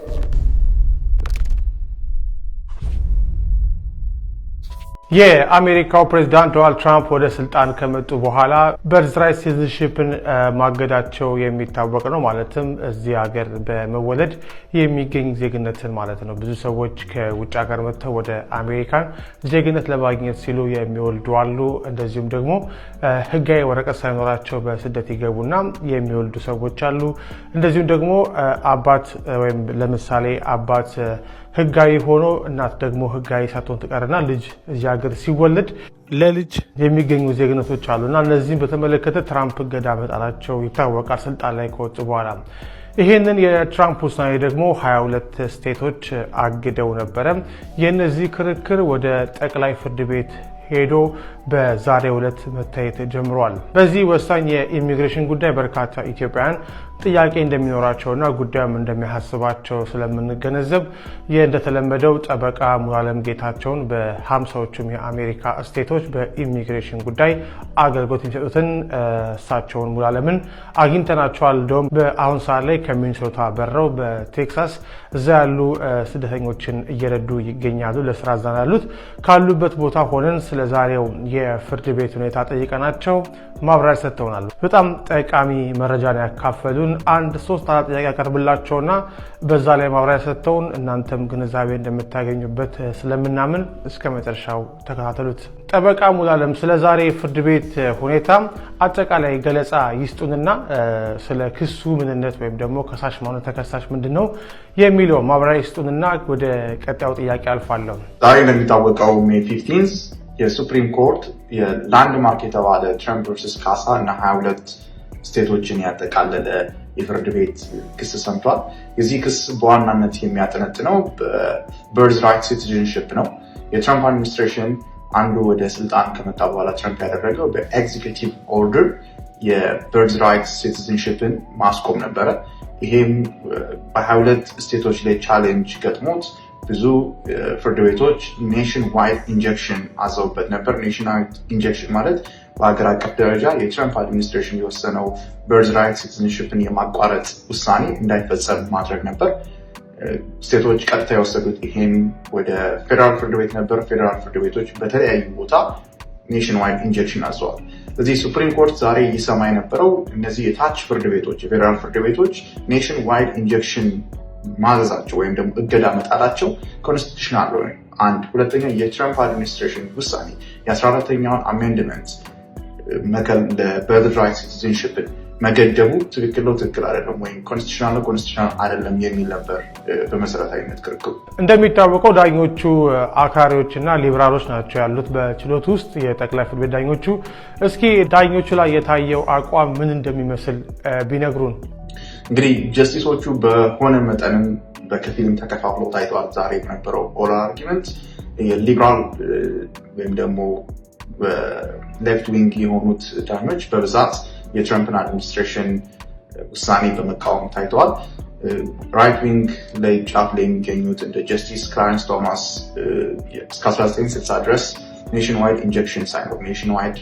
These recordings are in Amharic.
you የአሜሪካው ፕሬዝዳንት ዶናልድ ትራምፕ ወደ ስልጣን ከመጡ በኋላ በርዝራይት ሲቲዝንሺፕን ማገዳቸው የሚታወቅ ነው። ማለትም እዚህ ሀገር በመወለድ የሚገኝ ዜግነትን ማለት ነው። ብዙ ሰዎች ከውጭ ሀገር መጥተው ወደ አሜሪካን ዜግነት ለማግኘት ሲሉ የሚወልዱ አሉ። እንደዚሁም ደግሞ ህጋዊ ወረቀት ሳይኖራቸው በስደት ይገቡና የሚወልዱ ሰዎች አሉ። እንደዚሁም ደግሞ አባት ወይም ለምሳሌ አባት ህጋዊ ሆኖ እናት ደግሞ ህጋዊ ሳትሆን ትቀርና ልጅ እዚያ ሀገር ሲወለድ ለልጅ የሚገኙ ዜግነቶች አሉና እነዚህም በተመለከተ ትራምፕ እገዳ መጣላቸው ይታወቃል። ስልጣን ላይ ከወጡ በኋላ ይህንን የትራምፕ ውሳኔ ደግሞ 22 ስቴቶች አግደው ነበረ። የእነዚህ ክርክር ወደ ጠቅላይ ፍርድ ቤት ሄዶ በዛሬው ዕለት መታየት ጀምሯል። በዚህ ወሳኝ የኢሚግሬሽን ጉዳይ በርካታ ኢትዮጵያውያን ጥያቄ እንደሚኖራቸውና ጉዳዩም እንደሚያሳስባቸው ስለምንገነዘብ ይህ እንደተለመደው ጠበቃ ሙሉዓለም ጌታቸውን በሀምሳዎቹም የአሜሪካ ስቴቶች በኢሚግሬሽን ጉዳይ አገልግሎት የሚሰጡትን እሳቸውን ሙሉዓለምን አግኝተናቸዋል። እንደውም በአሁን ሰዓት ላይ ከሚኒሶታ በረው በቴክሳስ እዛ ያሉ ስደተኞችን እየረዱ ይገኛሉ። ለስራ እዛ ያሉት ካሉበት ቦታ ሆነን ስለ ዛሬው የፍርድ ቤት ሁኔታ ጠይቀናቸው ማብራሪያ ሰጥተውናሉ። በጣም ጠቃሚ መረጃን ያካፈሉን አንድ ሶስት አራት ጥያቄ ያቀርብላቸውና በዛ ላይ ማብራሪያ ሰጥተውን እናንተም ግንዛቤ እንደምታገኙበት ስለምናምን እስከ መጨረሻው ተከታተሉት። ጠበቃ ሙላለም ስለ ዛሬ ፍርድ ቤት ሁኔታ አጠቃላይ ገለጻ ይስጡንና ስለ ክሱ ምንነት ወይም ደግሞ ከሳሽ ማነ ተከሳሽ ምንድን ነው የሚለው ማብራሪያ ይስጡንና ወደ ቀጣዩ ጥያቄ አልፋለሁ። ዛሬ እንደሚታወቀው ሜይ ፊፍቲንዝ የሱፕሪም ኮርት የላንድማርክ የተባለ ትረምፕ ቨርስስ ካሳ እና 22 ስቴቶችን ያጠቃለለ የፍርድ ቤት ክስ ሰምቷል። የዚህ ክስ በዋናነት የሚያጠነጥነው በበርዝ ራይት ሲቲዝንሽፕ ነው። የትራምፕ አድሚኒስትሬሽን አንዱ ወደ ስልጣን ከመጣ በኋላ ትራምፕ ያደረገው በኤግዚኪቲቭ ኦርደር የበርዝ ራይት ሲቲዝንሽፕን ማስቆም ነበረ። ይሄም በ22 ስቴቶች ላይ ቻሌንጅ ገጥሞት ብዙ ፍርድ ቤቶች ኔሽን ዋይድ ኢንጀክሽን አዘውበት ነበር። ኔሽን ዋይድ ኢንጀክሽን ማለት በሀገር አቀፍ ደረጃ የትራምፕ አድሚኒስትሬሽን የወሰነው በርዝ ራይት ሲቲዝንሽፕን የማቋረጥ ውሳኔ እንዳይፈጸም ማድረግ ነበር። ስቴቶች ቀጥታ የወሰዱት ይሄን ወደ ፌዴራል ፍርድ ቤት ነበር። ፌዴራል ፍርድ ቤቶች በተለያዩ ቦታ ኔሽን ዋይድ ኢንጀክሽን አዘዋል። እዚህ ሱፕሪም ኮርት ዛሬ ይሰማ የነበረው እነዚህ የታች ፍርድ ቤቶች የፌደራል ፍርድ ቤቶች ኔሽን ዋይድ ኢንጀክሽን ማዘዛቸው ወይም ደግሞ እገዳ መጣላቸው ኮንስቲቱሽናል ሆነ አንድ ሁለተኛ የትራምፕ አድሚኒስትሬሽን ውሳኔ የ14ተኛውን አሜንድመንት በርድ ራይት ሲቲዝንሽፕን መገደቡ ትክክል ነው፣ ትክክል አይደለም፣ ወይም ኮንስቲቱሽናል ነው፣ ኮንስቲቱሽናል አይደለም የሚል ነበር በመሰረታዊነት ክርክሩ። እንደሚታወቀው ዳኞቹ አክራሪዎች እና ሊብራሎች ናቸው ያሉት በችሎት ውስጥ የጠቅላይ ፍርድ ቤት ዳኞቹ። እስኪ ዳኞቹ ላይ የታየው አቋም ምን እንደሚመስል ቢነግሩን። እንግዲህ ጀስቲሶቹ በሆነ መጠንም በከፊልም ተከፋፍለው ታይተዋል። ዛሬ በነበረው ኦራል አርጊመንት የሊብራል ወይም ደግሞ ሌፍት ዊንግ የሆኑት ዳኞች በብዛት የትረምፕን አድሚኒስትሬሽን ውሳኔ በመቃወም ታይተዋል። ራይት ዊንግ ላይ ጫፍ ላይ የሚገኙት እንደ ጀስቲስ ክላረንስ ቶማስ እስከ 1960 ድረስ ኔሽን ዋይድ ኢንጀክሽን ሳይኖር ኔሽን ዋይድ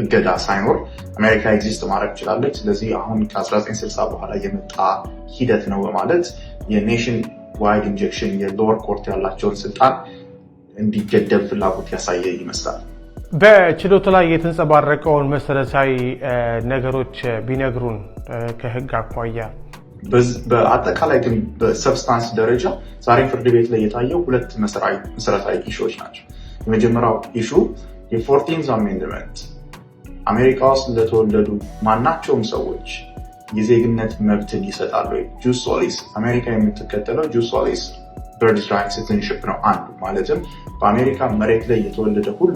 እገዳ ሳይኖር አሜሪካ ኤግዚስት ማድረግ ችላለች። ስለዚህ አሁን ከ1960 በኋላ የመጣ ሂደት ነው በማለት የኔሽን ዋይድ ኢንጀክሽን የሎወር ኮርት ያላቸውን ስልጣን እንዲገደብ ፍላጎት ያሳየ ይመስላል። በችሎቱ ላይ የተንጸባረቀውን መሰረታዊ ነገሮች ቢነግሩን ከህግ አኳያ በአጠቃላይ ግን በሰብስታንስ ደረጃ ዛሬ ፍርድ ቤት ላይ የታየው ሁለት መሰረታዊ ኢሹዎች ናቸው። የመጀመሪያው ኢሹ የፎርቲንዝ አሜንድመንት አሜሪካ ውስጥ ለተወለዱ ማናቸውም ሰዎች የዜግነት መብትን ይሰጣሉ። ወይ? ጁስ አሜሪካ የምትከተለው ጁስ ሶሊስ ራይት ሲቲዝንሽፕ ነው አንዱ። ማለትም በአሜሪካ መሬት ላይ የተወለደ ሁሉ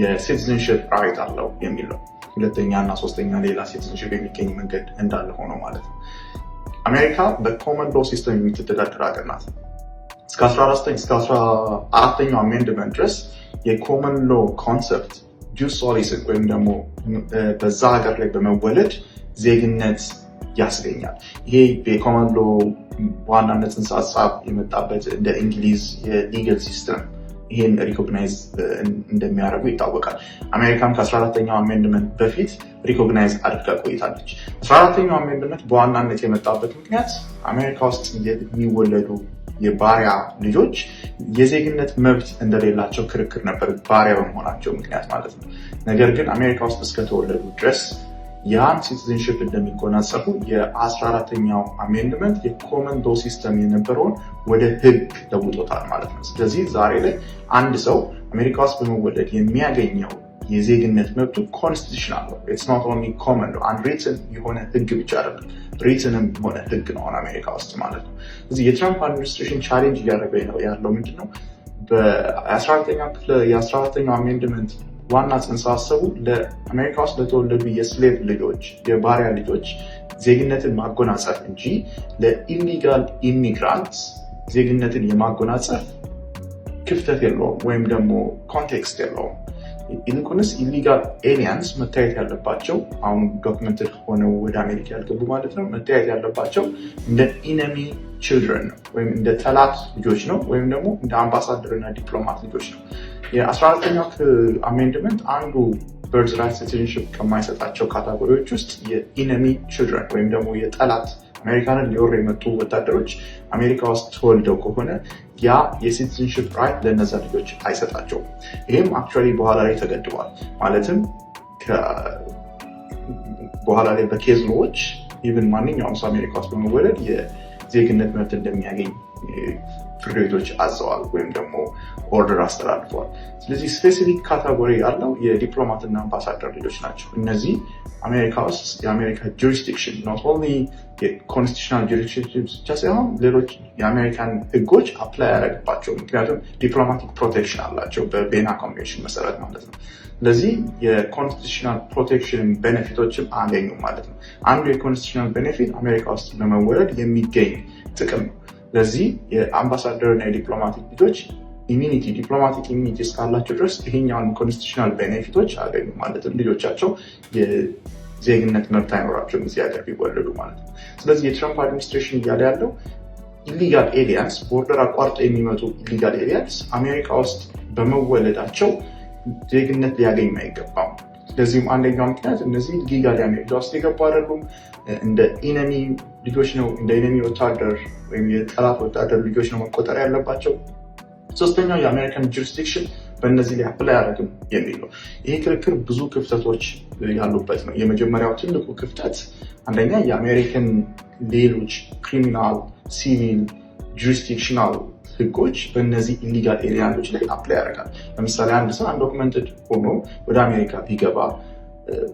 የሲቲዝንሽፕ ራይት አለው የሚል ነው። ሁለተኛ እና ሶስተኛ ሌላ ሲቲዝንሽፕ የሚገኝ መንገድ እንዳለ ሆኖ ማለት ነው። አሜሪካ በኮመን ሎ ሲስተም የምትተዳደር ሀገር ናት። እስከ 14ኛው አሜንድመንት ድረስ የኮመን ሎ ኮንሰፕት ጁስ ወይም ደግሞ በዛ ሀገር ላይ በመወለድ ዜግነት ያስገኛል። ይሄ የኮመን ሎው በዋናነት ሀሳብ የመጣበት እንደ እንግሊዝ የሊገል ሲስተም ይህን ሪኮግናይዝ እንደሚያደርጉ ይታወቃል። አሜሪካም ከ14ተኛው አሜንድመንት በፊት ሪኮግናይዝ አድርጋ ቆይታለች። 14ተኛው አሜንድመንት በዋናነት የመጣበት ምክንያት አሜሪካ ውስጥ የሚወለዱ የባሪያ ልጆች የዜግነት መብት እንደሌላቸው ክርክር ነበር፣ ባሪያ በመሆናቸው ምክንያት ማለት ነው። ነገር ግን አሜሪካ ውስጥ እስከተወለዱ ድረስ ያን ሲቲዝንሽፕ እንደሚጎናጸፉ የ14ተኛው አሜንድመንት የኮመን ሎ ሲስተም የነበረውን ወደ ህግ ለውጦታል ማለት ነው። ስለዚህ ዛሬ ላይ አንድ ሰው አሜሪካ ውስጥ በመወለድ የሚያገኘው የዜግነት መብቱ ኮንስቲቱሽናል ነው። ኢትስ ኖት ኦንሊ ኮመን ነው። አንድ ሬትን የሆነ ህግ ብቻ አይደለም፣ ሪትንም የሆነ ህግ ነው አሁን አሜሪካ ውስጥ ማለት ነው። እዚህ የትራምፕ አድሚኒስትሬሽን ቻሌንጅ እያደረገ ያለው ምንድን ነው? በ14ኛው ክፍለ የ14ኛው አሜንድመንት ዋና ጽንሰ ሀሳቡ ለአሜሪካ ውስጥ ለተወለዱ የስሌቭ ልጆች የባሪያ ልጆች ዜግነትን ማጎናጸፍ እንጂ ለኢሊጋል ኢሚግራንት ዜግነትን የማጎናጸፍ ክፍተት የለውም ወይም ደግሞ ኮንቴክስት የለውም። ይልቁንስ ኢሊጋል ኤሊያንስ መታየት ያለባቸው አሁን ዶክመንትድ ሆነው ወደ አሜሪካ ያልገቡ ማለት ነው መታየት ያለባቸው እንደ ኢነሚ ችልድረን ነው ወይም እንደ ጠላት ልጆች ነው ወይም ደግሞ እንደ አምባሳደር እና ዲፕሎማት ልጆች ነው። የ14ኛው አሜንድመንት አንዱ በርዝ ራይት ሲቲዝንሽፕ ከማይሰጣቸው ካታጎሪዎች ውስጥ የኢነሚ ችልድረን ወይም ደግሞ የጠላት አሜሪካንን ሊወር የመጡ ወታደሮች አሜሪካ ውስጥ ተወልደው ከሆነ ያ የሲቲዝንሽፕ ራይት ለእነዛ ልጆች አይሰጣቸውም። ይህም አክቹዋሊ በኋላ ላይ ተገድቧል። ማለትም በኋላ ላይ በኬዝ ሎዎች ኢቨን ማንኛውም ሰው አሜሪካ ውስጥ በመወለድ የዜግነት መብት እንደሚያገኝ ፍርድ ቤቶች አዘዋል ወይም ደግሞ ኦርደር አስተላልፈዋል። ስለዚህ ስፔሲፊክ ካታጎሪ ያለው የዲፕሎማትና አምባሳደር ልጆች ናቸው። እነዚህ አሜሪካ ውስጥ የአሜሪካ ጁሪስዲክሽን ኖት ኦንሊ የኮንስቲቱሽናል ጁሪስዲክሽን ብቻ ሳይሆን ሌሎች የአሜሪካን ህጎች አፕላይ ያደረግባቸው፣ ምክንያቱም ዲፕሎማቲክ ፕሮቴክሽን አላቸው በቤና ኮንቬንሽን መሰረት ማለት ነው። ስለዚህ የኮንስቲቱሽናል ፕሮቴክሽን ቤኔፊቶችም አገኙ ማለት ነው። አንዱ የኮንስቲቱሽናል ቤኔፊት አሜሪካ ውስጥ በመወለድ የሚገኝ ጥቅም ነው። ለዚህ የአምባሳደር የዲፕሎማቲክ ልጆች ኢሚኒቲ ዲፕሎማቲክ ኢሚኒቲ እስካላቸው ድረስ ይሄኛውን ኮንስቲቱሽናል ቤኔፊቶች አገኙ ማለት ልጆቻቸው ዜግነት መብት አይኖራቸውም እዚህ ሀገር ቢወለዱ ማለት ነው። ስለዚህ የትራምፕ አድሚኒስትሬሽን እያለ ያለው ኢሊጋል ኤሊያንስ ቦርደር አቋርጦ የሚመጡ ኢሊጋል ኤሊያንስ አሜሪካ ውስጥ በመወለዳቸው ዜግነት ሊያገኝ አይገባም። ስለዚህም አንደኛው ምክንያት እነዚህ ሊጋል አሜሪካ ውስጥ የገቡ አይደሉም። እንደ ኢነሚ ልጆች ነው እንደ ኢነሚ ወታደር ወይም የጠላት ወታደር ልጆች ነው መቆጠር ያለባቸው። ሶስተኛው የአሜሪካን ጁሪስዲክሽን በእነዚህ ላይ አፕላይ አያደርግም የሚል ይሄ ክርክር ብዙ ክፍተቶች ያሉበት ነው። የመጀመሪያው ትልቁ ክፍተት አንደኛ የአሜሪካን ሌሎች ክሪሚናል፣ ሲቪል፣ ጁሪስዲክሽናል ህጎች በእነዚህ ኢሊጋል ኤሊያኖች ላይ አፕላይ ያደርጋል። ለምሳሌ አንድ ሰው አንዶክመንትድ ሆኖ ወደ አሜሪካ ቢገባ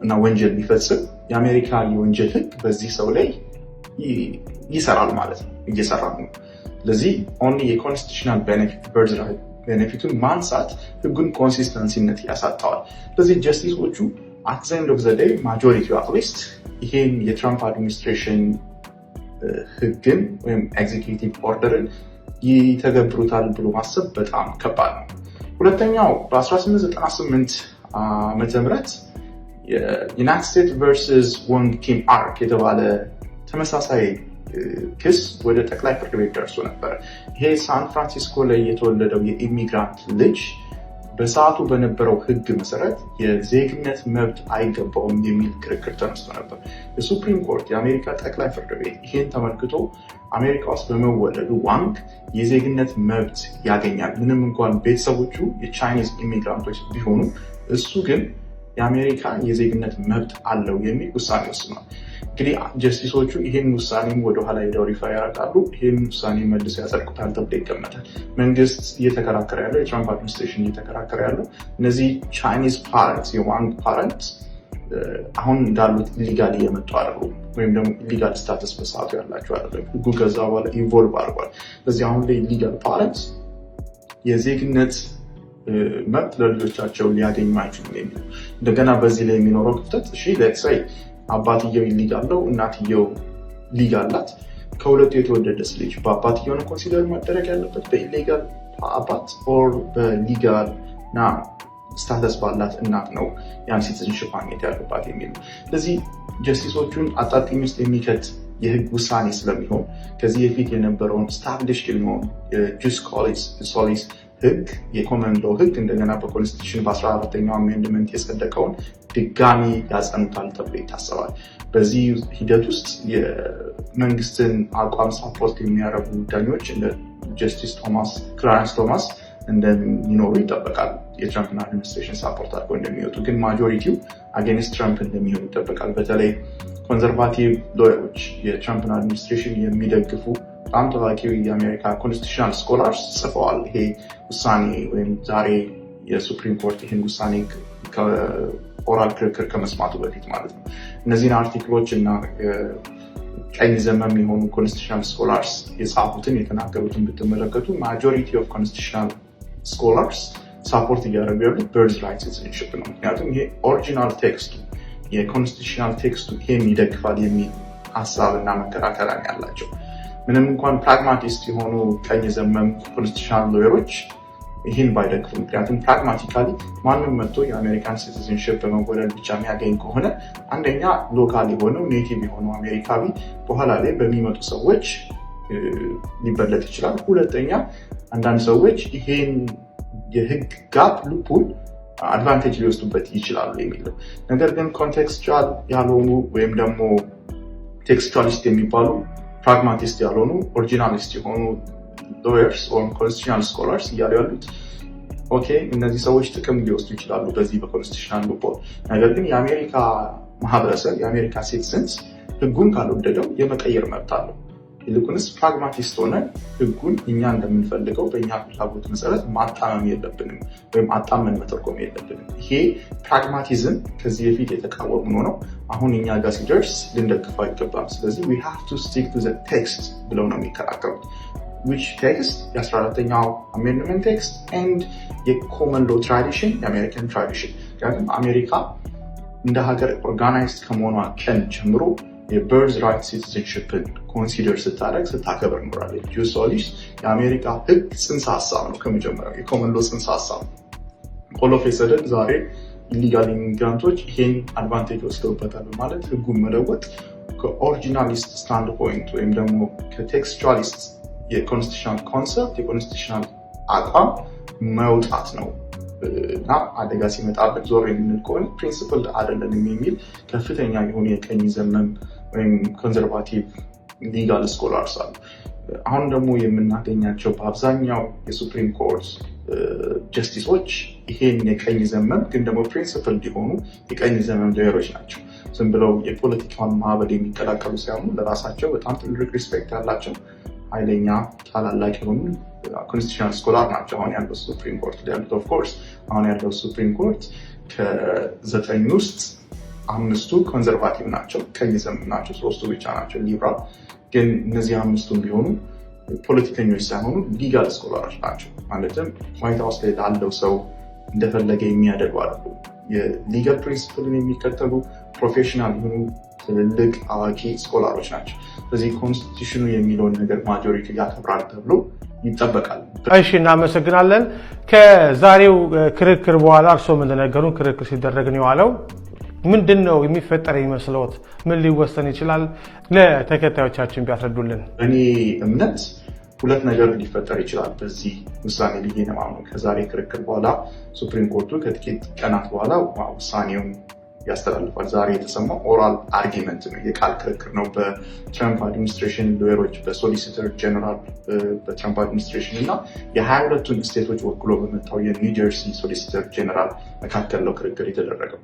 እና ወንጀል ቢፈጽም የአሜሪካ የወንጀል ህግ በዚህ ሰው ላይ ይሰራል ማለት ነው፣ እየሰራ ነው። ስለዚህ ኦንሊ የኮንስቲቱሽናል ቤኔፊት በርድ ቤኔፊቱን ማንሳት ህጉን ኮንሲስተንሲነት ያሳጣዋል። ስለዚህ ጀስቲሶቹ አትዘንድ ኦፍ ዘዴ ማጆሪቲው አትሊስት ይሄን የትራምፕ አድሚኒስትሬሽን ህግን ወይም ኤግዚኪቲቭ ኦርደርን ይተገብሩታል ብሎ ማሰብ በጣም ከባድ ነው። ሁለተኛው በ1898 ዓመተ ምህረት የዩናይትድ ስቴትስ ቨርሰስ ወንግ ኪም አርክ የተባለ ተመሳሳይ ክስ ወደ ጠቅላይ ፍርድ ቤት ደርሶ ነበር። ይሄ ሳን ፍራንሲስኮ ላይ የተወለደው የኢሚግራንት ልጅ በሰዓቱ በነበረው ሕግ መሰረት የዜግነት መብት አይገባውም የሚል ክርክር ተነስቶ ነበር። የሱፕሪም ኮርት የአሜሪካ ጠቅላይ ፍርድ ቤት ይህን ተመልክቶ አሜሪካ ውስጥ በመወለዱ ዋንግ የዜግነት መብት ያገኛል፣ ምንም እንኳን ቤተሰቦቹ የቻይኒዝ ኢሚግራንቶች ቢሆኑ እሱ ግን የአሜሪካ የዜግነት መብት አለው የሚል ውሳኔ ወስኗል። እንግዲህ ጀስቲሶቹ ይህን ውሳኔም ወደኋላ ሄደው ሪፋ ያደርጋሉ። ይህን ውሳኔ መልስ ያጸድቁታል ተብሎ ይገመታል። መንግስት እየተከራከረ ያለው የትራምፕ አድሚኒስትሬሽን እየተከራከረ ያለው እነዚህ ቻይኒዝ ፓረንት የዋንግ ፓረንት አሁን እንዳሉት ኢሊጋል እየመጡ አይደሉም፣ ወይም ደግሞ ኢሊጋል ስታተስ በሰዓቱ ያላቸው አይደለም። ህጉ ከዛ በኋላ ኢንቮልቭ አድርጓል። በዚህ አሁን ላይ ኢሊጋል ፓረንት የዜግነት መብት ለልጆቻቸው ሊያገኙ አይችሉም የሚለው እንደገና በዚህ ላይ የሚኖረው ክፍተት እሺ አባትየው ሊግ አለው፣ እናትየው ሊግ አላት። ከሁለቱ የተወለደ ልጅ በአባትየው ነው ኮንሲደር መደረግ ያለበት በኢሌጋል አባት ኦር በሊጋል ና ስታተስ ባላት እናት ነው ያን ሲቲዝንሽፕ ማግኘት ያለባት የሚል ነው። ስለዚህ ጀስቲሶቹን አጣጥኝ ውስጥ የሚከት የህግ ውሳኔ ስለሚሆን ከዚህ የፊት የነበረውን ስታብሊሽ የሚሆን የጁስ ሶሊስ ህግ የኮመን ሎ ህግ እንደገና በኮንስቲቱሽን በ14ኛው አሜንድመንት የጸደቀውን ድጋሚ ያጸኑታል ተብሎ ይታሰባል። በዚህ ሂደት ውስጥ የመንግስትን አቋም ሳፖርት የሚያደርጉ ዳኞች እንደ ጀስቲስ ቶማስ ክላረንስ ቶማስ እንደሚኖሩ ይጠበቃል። የትራምፕን አድሚኒስትሬሽን ሳፖርት አድርገው እንደሚወጡ ግን ማጆሪቲው አጌንስት ትራምፕ እንደሚሆኑ ይጠበቃል። በተለይ ኮንዘርቫቲቭ ሎየሮች የትራምፕን አድሚኒስትሬሽን የሚደግፉ በጣም ታዋቂ የአሜሪካ ኮንስቲቱሽናል ስኮላርስ ጽፈዋል። ይሄ ውሳኔ ወይም ዛሬ የሱፕሪም ኮርት ይህን ውሳኔ ኦራል ክርክር ከመስማቱ በፊት ማለት ነው። እነዚህን አርቲክሎች እና ቀኝ ዘመም የሆኑ ኮንስቲቱሽናል ስኮላርስ የጻፉትን የተናገሩትን ብትመለከቱ ማጆሪቲ ኦፍ ኮንስቲቱሽናል ስኮላርስ ሳፖርት እያደረጉ ያሉት በርዝ ራይት ሲቲዝንሽፕ ነው። ምክንያቱም ይሄ ኦሪጂናል ቴክስቱ የኮንስቲቱሽናል ቴክስቱ ይሄን ይደግፋል የሚል ሀሳብ እና መከራከሪያ ያላቸው ምንም እንኳን ፕራግማቲስት የሆኑ ቀኝ ዘመም ኮንስቲቱሽናል ሎየሮች ይህን ባይደግፉ። ምክንያቱም ፕራግማቲካሊ ማንም መጥቶ የአሜሪካን ሲቲዝንሽፕ በመወለድ ብቻ የሚያገኝ ከሆነ አንደኛ ሎካል የሆነው ኔቲቭ የሆነው አሜሪካዊ በኋላ ላይ በሚመጡ ሰዎች ሊበለጥ ይችላል። ሁለተኛ አንዳንድ ሰዎች ይሄን የህግ ጋፕ ልፑል አድቫንቴጅ ሊወስዱበት ይችላሉ የሚለው ነገር ግን ኮንቴክስቹዋል ያልሆኑ ወይም ደግሞ ቴክስቹዋሊስት የሚባሉ ፕራግማቲስት ያልሆኑ ኦሪጂናሊስት የሆኑ ሎየርስ ኦር ኮንስቲቱሽናል ስኮላርስ እያሉ ያሉት ኦኬ እነዚህ ሰዎች ጥቅም ሊወስዱ ይችላሉ በዚህ በኮንስቲቱሽናል ልቦ። ነገር ግን የአሜሪካ ማህበረሰብ የአሜሪካ ሲቲዝንስ ህጉን ካልወደደው የመቀየር መብት አለው። ይልቁንስ ፕራግማቲስት ሆነ ህጉን እኛ እንደምንፈልገው በእኛ ፍላጎት መሰረት ማጣመም የለብንም ወይም አጣመን መተርጎም የለብንም። ይሄ ፕራግማቲዝም ከዚህ በፊት የተቃወሙ ነው። አሁን እኛ ጋር ሲደርስ ልንደግፈው አይገባም። ስለዚህ ዊ ቱ ስቲክ ቱ ቴክስት ብለው ነው የሚከራከሩት። ዊች ቴክስት የ14ተኛው አሜንድመንት ቴክስት ኤንድ የኮመን ሎ ትራዲሽን የአሜሪካን ትራዲሽን ምክንያቱም አሜሪካ እንደ ሀገር ኦርጋናይዝድ ከመሆኗ ቀን ጀምሮ የበርዝ ራይት ሲቲዝንሽፕን ኮንሲደር ስታደረግ ስታከብር ኖራለች። ጁስ ኦሊሽ የአሜሪካ ህግ ጽንሰ ሀሳብ ነው። ከመጀመሪያው የኮመን ሎ ጽንሰ ሀሳብ ቆሎፍ የሰደድ ዛሬ ኢሊጋል ኢሚግራንቶች ይሄን አድቫንቴጅ ወስደውበታል በማለት ህጉን መለወጥ ከኦሪጂናሊስት ስታንድ ፖይንት ወይም ደግሞ ከቴክስቹዋሊስት የኮንስቲቱሽናል ኮንሰፕት የኮንስቲቱሽናል አቋም መውጣት ነው እና አደጋ ሲመጣበት ዞር የምንል ከሆነ ፕሪንስፕል አይደለንም የሚል ከፍተኛ የሆኑ የቀኝ ዘመን ወይም ኮንዘርቫቲቭ ሊጋል ስኮላርስ አሉ። አሁን ደግሞ የምናገኛቸው በአብዛኛው የሱፕሪም ኮርት ጀስቲሶች ይሄን የቀኝ ዘመን ግን ደግሞ ፕሪንስፕል እንዲሆኑ የቀኝ ዘመን ሎየሮች ናቸው። ዝም ብለው የፖለቲካውን ማዕበል የሚቀላቀሉ ሳይሆኑ ለራሳቸው በጣም ትልቅ ሪስፔክት ያላቸው ኃይለኛ ታላላቅ የሆኑ ኮንስቲቱሽናል ስኮላር ናቸው። አሁን ያለው ሱፕሪም ኮርት ያሉት ኦፍኮርስ አሁን ያለው ሱፕሪም ኮርት ከዘጠኝ ውስጥ አምስቱ ኮንዘርቫቲቭ ናቸው፣ ቀኝ ዘመም ናቸው። ሶስቱ ብቻ ናቸው ሊብራል። ግን እነዚህ አምስቱም ቢሆኑ ፖለቲከኞች ሳይሆኑ ሊጋል ስኮላሮች ናቸው። ማለትም ዋይት ሀውስ ላይ ላለው ሰው እንደፈለገ የሚያደርጉ አሉ። የሊጋል ፕሪንስፕልን የሚከተሉ ፕሮፌሽናል የሆኑ ትልልቅ አዋቂ ስኮላሮች ናቸው። ስለዚህ ኮንስቲቱሽኑ የሚለውን ነገር ማጆሪቲ ያከብራል ተብሎ ይጠበቃል። እሺ፣ እናመሰግናለን። ከዛሬው ክርክር በኋላ እርስዎ እንደነገሩን ክርክር ሲደረግ ነው የዋለው። ምንድን ነው የሚፈጠር ይመስለዎት? ምን ሊወሰን ይችላል? ለተከታዮቻችን ቢያስረዱልን። እኔ እምነት ሁለት ነገር ሊፈጠር ይችላል በዚህ ውሳኔ ብዬ ነው የማምነው። ከዛሬ ክርክር በኋላ ሱፕሪም ኮርቱ ከጥቂት ቀናት በኋላ ውሳኔውን ያስተላልፋል። ዛሬ የተሰማው ኦራል አርጊመንት ነው፣ የቃል ክርክር ነው በትራምፕ አድሚኒስትሬሽን ሎየሮች፣ በሶሊሲተር ጀነራል በትራምፕ አድሚኒስትሬሽን እና የሀያ ሁለቱን ስቴቶች ወክሎ በመጣው የኒውጀርሲ ሶሊሲተር ጀነራል መካከል ነው ክርክር የተደረገው።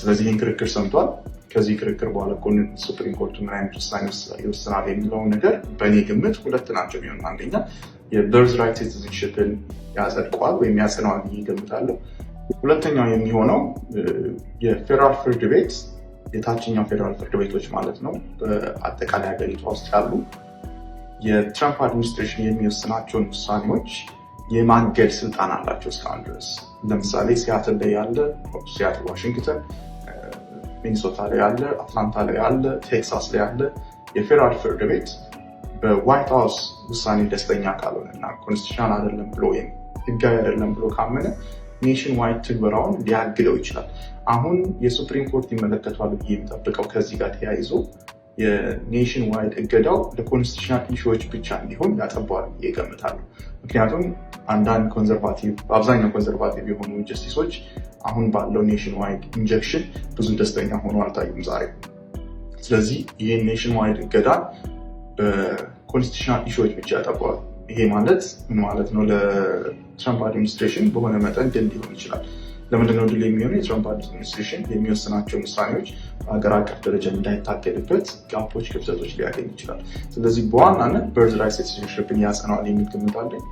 ስለዚህ ይህን ክርክር ሰምቷል። ከዚህ ክርክር በኋላ ጎን ሱፕሪም ኮርቱ ምን አይነት ውሳኔ ይወስናል የሚለው ነገር በእኔ ግምት ሁለት ናቸው የሚሆን አንደኛ የበርዝ ራይት ሲቲዝንሽፕን ያጸድቋል ወይም ያጽነዋል ይገምታለሁ። ሁለተኛው የሚሆነው የፌደራል ፍርድ ቤት የታችኛው ፌደራል ፍርድ ቤቶች ማለት ነው። በአጠቃላይ ሀገሪቷ ውስጥ ያሉ የትራምፕ አድሚኒስትሬሽን የሚወስናቸውን ውሳኔዎች የማገድ ስልጣን አላቸው እስካሁን ድረስ። ለምሳሌ ሲያትል ላይ ያለ፣ ሲያትል ዋሽንግተን፣ ሚኒሶታ ላይ ያለ፣ አትላንታ ላይ ያለ፣ ቴክሳስ ላይ ያለ የፌደራል ፍርድ ቤት በዋይት ሀውስ ውሳኔ ደስተኛ ካልሆነ እና ኮንስቲቱሽናል አይደለም ብሎ ወይም ህጋዊ አይደለም ብሎ ካመነ ኔሽን ዋይድ ትግበራውን ሊያግደው ይችላል። አሁን የሱፕሪም ኮርት ይመለከቷል ብዬ የሚጠብቀው ከዚህ ጋር ተያይዞ የኔሽን ዋይድ እገዳው ለኮንስቲቱሽናል ኢሹዎች ብቻ እንዲሆን ያጠባዋል ይገምታሉ። ምክንያቱም አንዳንድ ኮንዘርቫቲቭ አብዛኛው ኮንዘርቫቲቭ የሆኑ ጀስቲሶች አሁን ባለው ኔሽን ዋይድ ኢንጀክሽን ብዙ ደስተኛ ሆኖ አልታዩም ዛሬ። ስለዚህ ይህን ኔሽን ዋይድ እገዳ በኮንስቲቱሽናል ኢሹዎች ብቻ ያጠባዋል። ይሄ ማለት ምን ማለት ነው? ለትራምፕ አድሚኒስትሬሽን በሆነ መጠን ድል ሊሆን ይችላል። ለምንድነው ድል የሚሆነው? የትራምፕ አድሚኒስትሬሽን የሚወስናቸው ውሳኔዎች በሀገር አቀፍ ደረጃ እንዳይታገድበት ጋፖች፣ ክፍተቶች ሊያገኝ ይችላል። ስለዚህ በዋናነት በርዝ ራይትስ ሲቲዝንሽፕን ያጸናዋል የሚል ግምት አለኝ።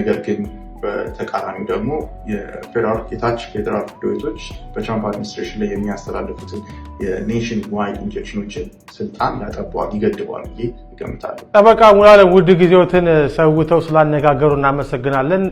ነገር ግን በተቃራኒው ደግሞ የፌዴራል የታች ፌዴራል ፍርድ ቤቶች በትራምፕ አድሚኒስትሬሽን ላይ የሚያስተላልፉትን የኔሽን ዋይድ ኢንጀክሽኖችን ስልጣን ያጠበዋል፣ ይገድበዋል ብዬ ይገምታሉ። ጠበቃ ሙሉዓለም ውድ ጊዜዎትን ሰውተው ስላነጋገሩ እናመሰግናለን።